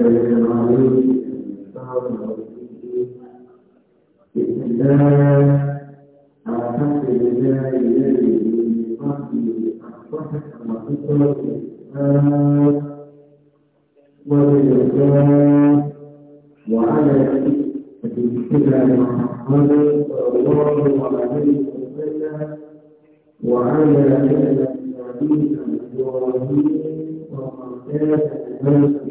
بسم الله الحمد لله الذي بفضله اصبحت وفقت الاسلام وبالاسلام وعلى اتباع محمد صلى الله عليه وسلم وعلى اله النبي ابراهيم ومن كان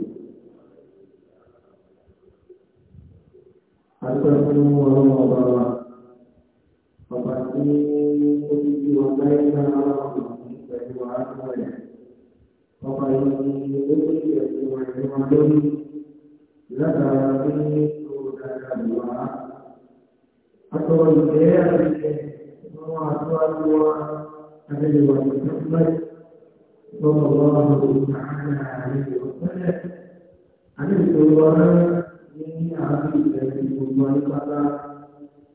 Atau penuh Allah Bapak ini Kutip jiwa baik dan Allah Dari wa'ad Bapak ini Kutip jiwa jiwa baik Lada ini Kudara dua Atau Dia Semua dua Ada dua Muhammad Sallallahu Ta'ala Alaihi Wasallam Ada dua ní àárín ìfẹ́ ti gbogbo ayé pátá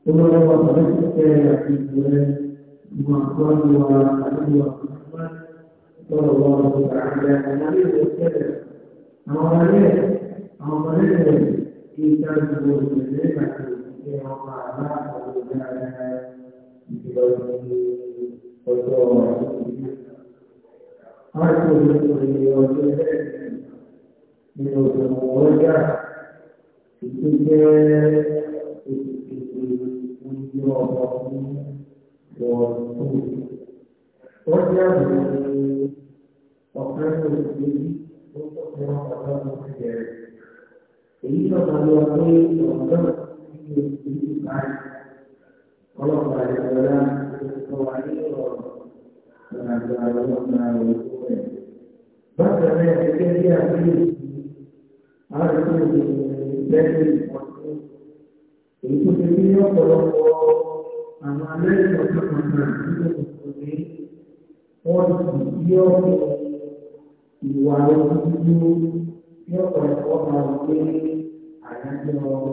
tó lọ́wọ́ ọ̀rẹ́ títẹ́ àti ìfẹ́ ìmọ̀ àkọ́jú wa àdúgbò àkọ́jú lọ́rọ̀ wọ́n ọ̀rọ̀ àgbẹ̀ àyàlẹ́ ìfẹ́ tẹ́lẹ̀ àwọn ọmọlẹ́ àwọn ọmọlẹ́ kí ká gbogbo ìfẹ́ àti ìfẹ́ ọmọ aláàbò dáadáa ìjọba ọjọ́ ìdílé. Wọ́n á tó ìfẹ́ ọjọ́ ìfẹ́ nínú ìfẹ́ ọjọ́ itu dia itu punya orang waktu kerja di orang itu untuk melakukan kerja ini kalau kami orang itu bukan kalau pada orang kewali orang tenaga orang itu bahkan dia kerja di hari itu lẹ́yìn ọdún èyí tó ti ní ọ̀pọ̀lọpọ̀ àwọn alẹ́sọ̀ kankan nínú tuntun ní wọ́n ti di ọ̀pọ̀ ìwà ojúdúró ní ọ̀pọ̀lọpọ̀ máa ń gbé àyájọ́ wọ́n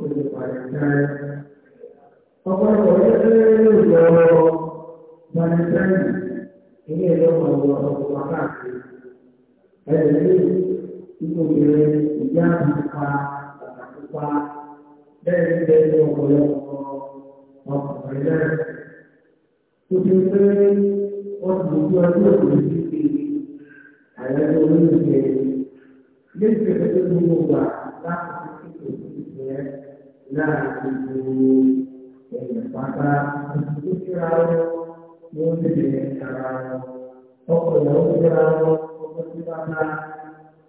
tó lè parí ọ̀pọ̀lọpọ̀ lè ilé káàkiri nínú obìnrin ìyá àgbà bàbá pupa bẹ́ẹ̀ ní bẹ́ẹ̀ ní ọ̀pọ̀lọpọ̀ ọkùnrin náà. Tó ti pé wọ́n ti dojú ọdún òkùnrin títí àyájọ́ oníṣẹ́ léṣe pẹ̀lú gbogbo gbà láti fi kíkò ìṣẹ́ láàrin gbogbo ẹ̀yìn pátá tó kíra wọn ní ó lè ara wọn. Ọkọ̀ ìyàwó kíra wọn ọkọ̀ sí pátá.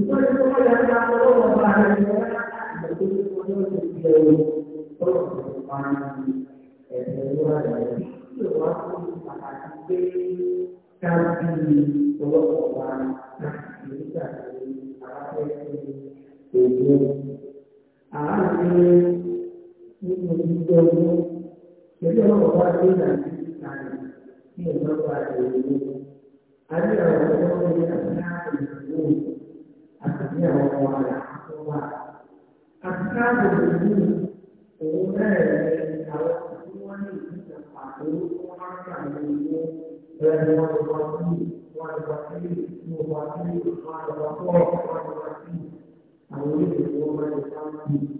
Entonces, ¿cómo le han dado los valores? 要两千万，他三十分钟都在寻找，五万一千八十五万人民币，两万八千，一万八千，一万八千，一万八千，一万八千，一万八千，一万八千，一万八千，一万八千。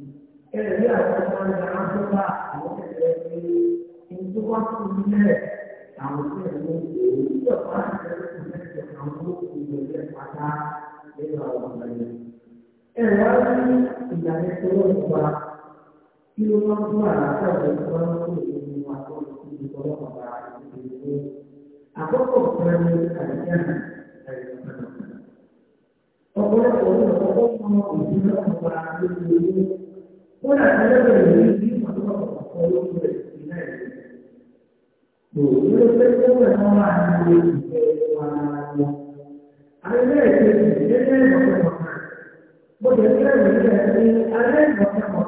哎呀，我妈妈说啥？我得赶紧，不管多累，咱们得赶紧把这事情给 di luar suara saja orang itu ingin masuk di luar kota ini. Apa kok berani kerja dari mana? Apa kok orang kok mau ingin masuk di luar kota ini? Pula ada berani di mana kok kalau sudah tidak ada. Jadi kalau kita mau ingin masuk di luar kota ini, ada yang ada yang ada yang ada yang ada yang ada yang ada yang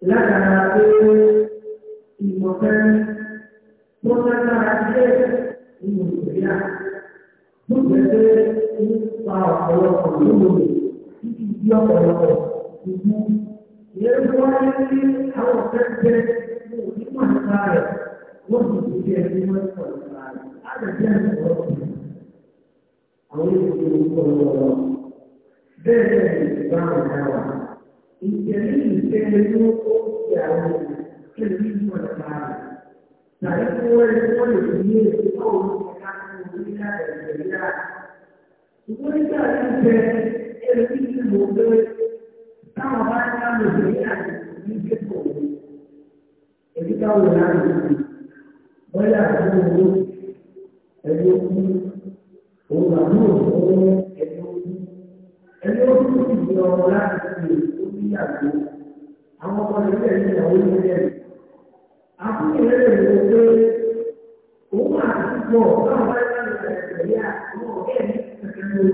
látara pé ìmọ̀tẹ́ni tó lágbára díẹ̀ nínú ìgbéyà ló jẹ́ pé nípa ọ̀pọ̀lọpọ̀ lóore títí di ọ̀pọ̀lọpọ̀ ìlú ìyẹn tó wáyé ní àwọn ọ̀fẹ́fẹ́ ní onímọ̀ nípa rẹ̀ wọ́n sì ti di ẹni wọ́n sọ nípa rẹ̀ láti jẹ́ ìfọ̀rọ̀pọ̀ àwọn èèyàn tó ń sọ lọ́wọ́ bẹ́ẹ̀ bẹ́ẹ̀ ni ìgbà wọn 以前一天都都讲我们是寂寞的家，但是我们多有爷爷、爸爸、妈妈、奶奶陪着，我们家今天又一只母鸡，让我妈妈陪着，一切平安。而且到我们那里，不要走路，还有路，有马路，还有路，还有路，有路，有路。ìyàwó àwọn ọmọ rẹ̀ lè ní ìyàwó ilé rẹ̀. àkókò rẹ̀ lè wọ pé òun máa ti pọ̀ báwọn bá yára rẹ̀ tẹ̀lé àwọn ọ̀rẹ́ mi kẹ̀kẹ́ lórí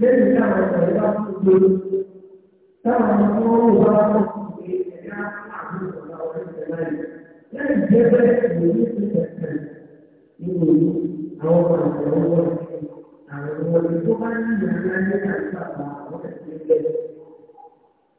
lẹ́yìn tí àwọn ọ̀rẹ́ bá tún gbé táwọn ọmọ ọmọ bá wà fún ìwé ẹ̀yà àwọn ọ̀rẹ́ ọ̀rẹ́ tẹ̀lé lẹ́yìn tí ẹgbẹ́ ìwé ti tẹ̀lé nínú àwọn àwọn ọmọ tó bá ní ìyàrá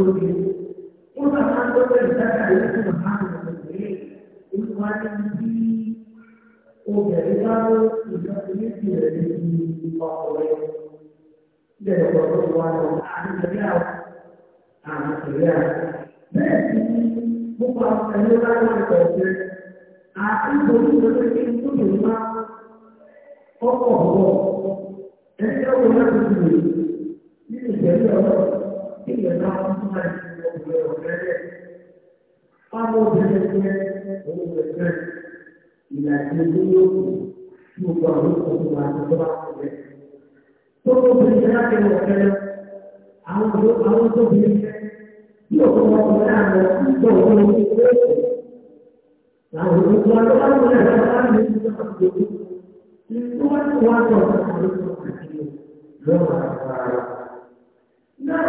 lórí ó bá máa ń tọ́jú ìdájà rẹ̀ fún màmá àwọn obìnrin olúwa ní bí obìnrin bá ó ìjọba méjì rẹ̀ ní ọkùnrin bẹ́ẹ̀ lọ́wọ́ tó wà lọ àti ìrìn àwọn àmì ìrìn àwọn bẹ́ẹ̀ ọkọ̀ ọ̀wọ́ ẹgbẹ́ òun láti lè nínú ìgbẹ́lẹ̀ ọlọ́run kí lè máa ń tún máa ṣe ọ̀gbẹ́ ọ̀gbẹ́ rẹ̀. Fáwọn obìnrin jẹ́ òun ẹ̀fẹ́ ìlàjì olóyòkù tí o gbà ló kọ̀ fún wa tó bá kọ̀ rẹ̀. Tó o bẹ̀rẹ̀ jẹ́ láti wọ̀ ọ̀fẹ́ lọ, àwọn àwọn tó bẹ̀rẹ̀ jẹ́ bí òun wọn kọ̀ náà lọ ìgbọ̀ wọn ló ń kó èkó. Làwọn olùkọ́ ọlọ́wọ́ ló ń lọ bá mi ní ìjọba ìjọba. Ìjọba ti wá sọ̀rọ̀ àti ìjọba ìjọba lọ́wọ́ àgbà rẹ̀. Náà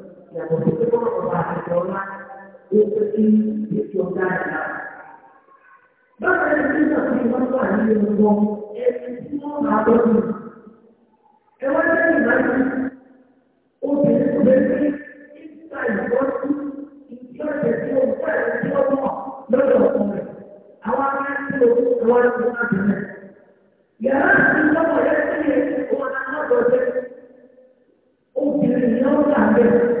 yàtọ̀ sí pé wọ́n ọba àtẹ̀tẹ̀ ọlá ó pé kí ètò ọ̀gá àgbà. Báwo ni ẹni náà fi wọ́n wà nínú wọn ẹni tí wọ́n máa bọ́ mi? Ẹ wá lẹ́yìn láti obìnrin tó lè rí nígbà ìwọ́sí ìdí ọ̀sẹ̀ tí ó gbọ́ ẹ̀rọ tí ó mọ̀ lọ́dọ̀ ọkùnrin. Àwọn akáàtì òkú wọn ti wá bìnrin. Yàrá àti lọ́wọ́ yẹn ti yẹ kí wọ́n náà lọ́dọ̀ ọ̀sẹ̀. Obìnrin yẹn ó wà bẹ́ẹ̀.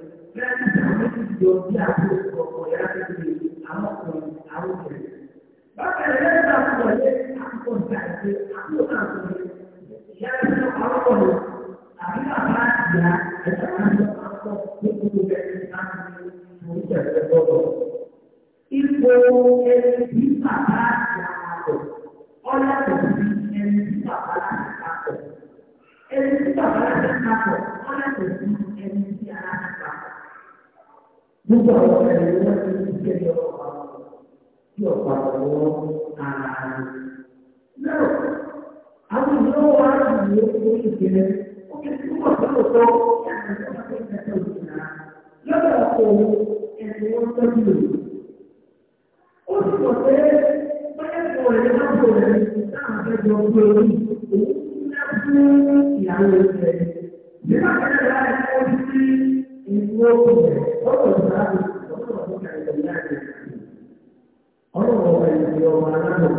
àti ìdí ọdún àti ìdí ọkọ̀ yára tí ọ̀pá ọ̀wọ́ ara rẹ̀. Náà, àwọn ìlú wa ní orí ìgbẹ́ ó ti tún wà lóòótọ́ láti ọ̀pá tó ń tẹ̀sẹ̀ òkúta. Lọ́dọ̀ ọkọ̀ ẹ̀sìn wọn tọ́jú lò. Ó ti pọ̀ pé pẹ́ẹ́pọ̀ rẹ̀ lápò rẹ̀ láwọn akẹ́jọ ọgbọ́n orí òun ti ná fún ìyàwó rẹ̀. Nígbà tí wọ́n ti rí ìwé òkú rẹ̀, ó lọ ọlọ́wọ́ ẹ̀yìn ọmọ aláàbò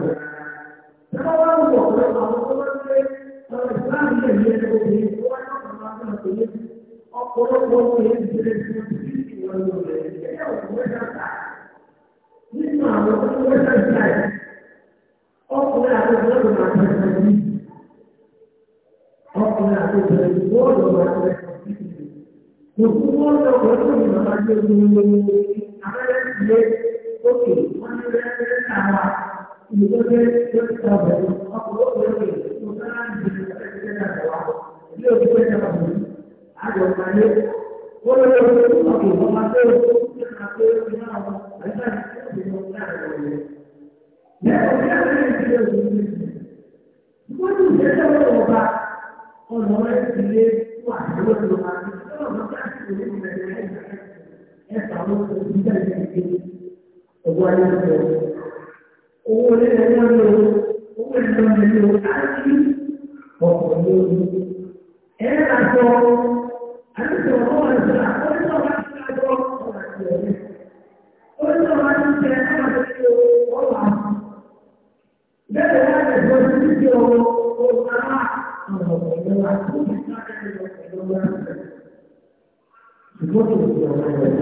náà wá ń bọ̀ pé àwọn tó bá ń gbé ọ̀rọ̀ ìsìláàmù lè ní ẹgbẹ́ obìnrin tó wá náà máa ń bá pẹ̀lú ọ̀pọ̀lọpọ̀ obìnrin ti rẹ̀ ti ti ti ti wọ́n lò rẹ̀ ẹ̀yà òkúrẹ́ dàgbà nínú àwọn tó wọ́n dà gbà ẹ̀ ọkùnrin àti ọ̀dọ́ máa tẹ̀ ẹ̀ ní ọkùnrin àti ọ̀dọ́ bọ́ọ̀lù máa tẹ̀ ẹ̀ òkú bọ́ọ̀lù ọ̀pọ̀lọpọ̀ ni màmá gbé ogun lórí abẹ́rẹ́ ụ ọkụkụ oe aaoea oeeee ea wọlé ẹgbẹ́ lọ owó ẹ̀sán mi àti ọkọ̀ lórí. Ẹ àjọ àjọ ọwọ́ ẹ̀sán àkọ́lé náà wá sí àjọ ọ̀rọ̀ àti ọ̀rẹ́. Ó ní ọ̀rọ̀ àti ìṣẹ̀ náà lè lo ọ̀rọ̀ àti. Bẹ́ẹ̀ wá ẹ̀sọ́ sí títí ọ̀rọ̀ ọ̀rọ̀ àwọn ọ̀rọ̀ ìlú àti òṣìṣẹ́ àjọ ìlú ọ̀rọ̀ ìlú ọ̀rọ̀ ìlú. Ṣùgbọ́n kò sí ọ̀rọ̀ ìlú.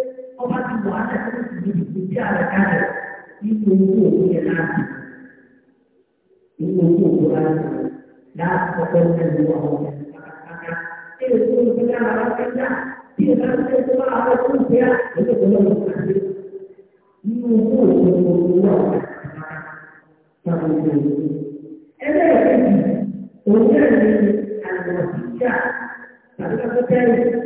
ìjára kalẹ̀ nínú owó òkú yẹn láti nínú owó òkú láti láti kọ́kọ́ lẹ́nu àwọn ọ̀gá è tí o tó ń gbé lára wá sí dá tí o bá ń tẹ́ tó bá àwọn tó ń gbé à lókè tó lọ́wọ́ tó ń gbé nínú owó òkú òkú wà kàkàkà sábà ń gbé òkú. ẹlẹ́ẹ̀kejì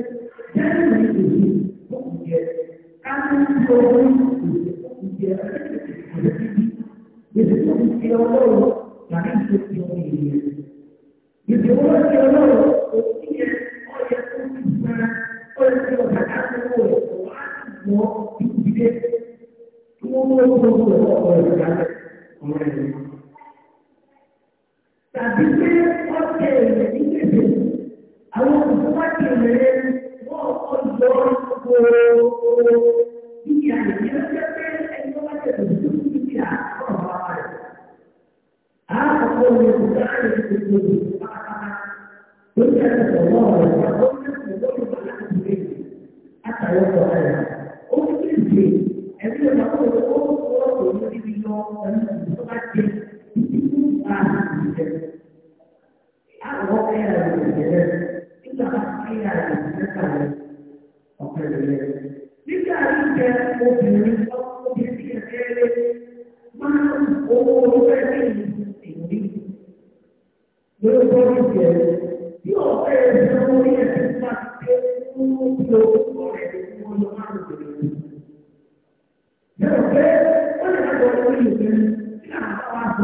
lórí ìlú.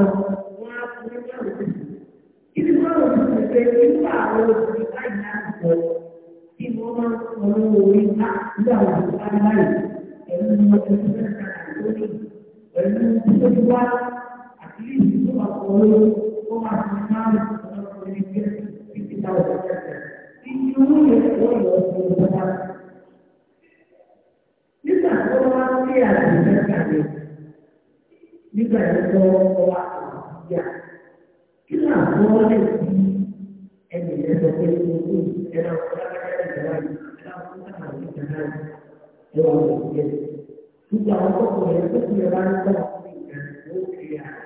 mão, com E não, porque o valor que está em água, se não, não, não, não, não, não, não, não, não, de los pies. Y ya otro por eso se levanta la vida,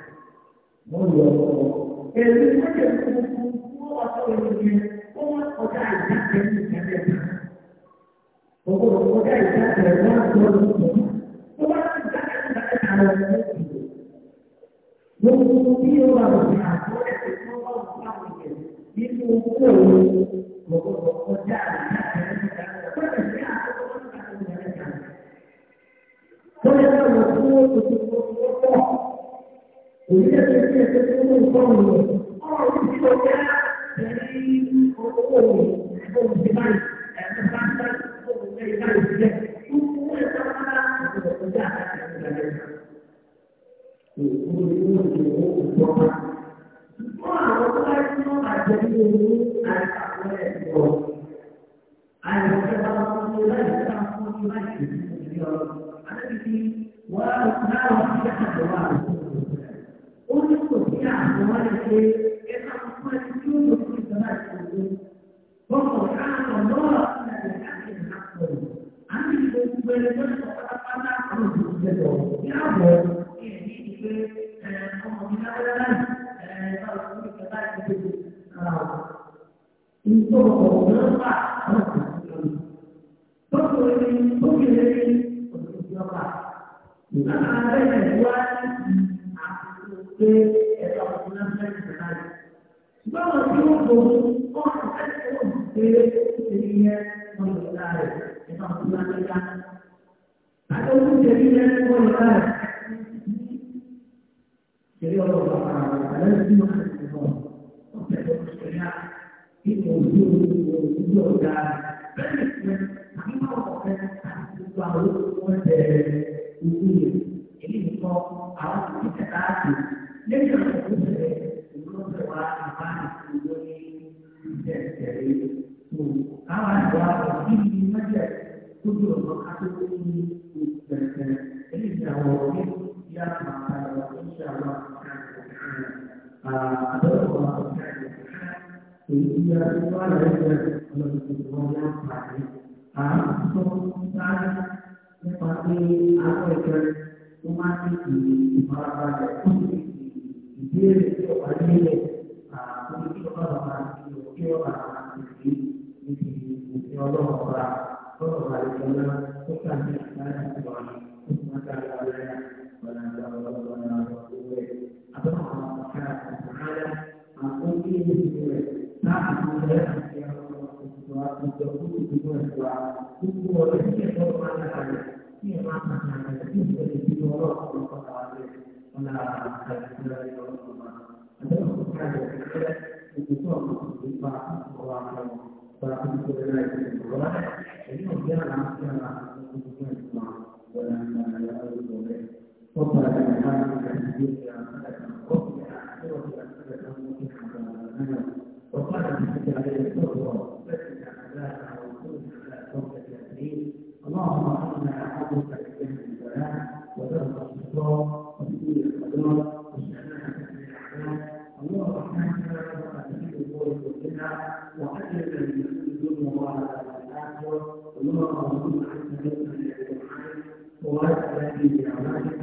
muy loco. El mismo que no va a poder bien, ¿cómo podrá estar en mi cabeza? ¿Cómo podrá estar en el lado de los demás? ¿Cómo va a estar en la cabeza de los demás? No confío a los trabajadores que no van a usar mi vida. Y su pueblo, ¿cómo podrá estar Bóyá àwọn 你说我们的我们干不了。中国工人、中国农民，我们不要吧。你他在个关啊，对，也是直到湖南生产那里。那么，中二三十年，谁谁谁一天，他们就在上湖南生产。还有春节一天，我也在。谁又做了？反正就是那时候，我很多时来。nínú ojú ojú ojú ọ̀gá bẹ́ẹ̀ ni àwọn ọ̀fẹ́ àti gbogbo àwọn olóògùn bẹ̀rẹ̀ ojú rẹ̀ èyí nìkan àwọn òbí kẹta àti lẹ́yìn àwọn òbí bẹ̀rẹ̀ olóògùn wa àbá ìṣòro ní ìṣẹ̀ ìṣẹ̀lẹ̀ tó káwọn àgbà òbí ní mẹ́jẹ̀ tó bí ọ̀nà kátó ní ìṣẹ̀lẹ̀ èyí ni àwọn òbí yá àwọn àgbà òbí ṣe àwọn àgbà Sehingga itu ada yang semuanya baik. Ah, untuk saya seperti apa itu umat ini masyarakat ini dia itu ada ah itu orang itu itu orang ini ini itu orang orang orang itu kan tidak ada Andrea che hanno fatto tutti di questa cultura che si è formata si è fatta anche di loro con la cultura di loro abbiamo cercato di vedere che sono i fatti trovati con la cultura della e non abbiamo anche la الله واستعملها في الاعمال الله رحمن وقد في قول كلها واجل الدنيا والاخره اللهم صل على سيدنا محمد وعلى اله واعماله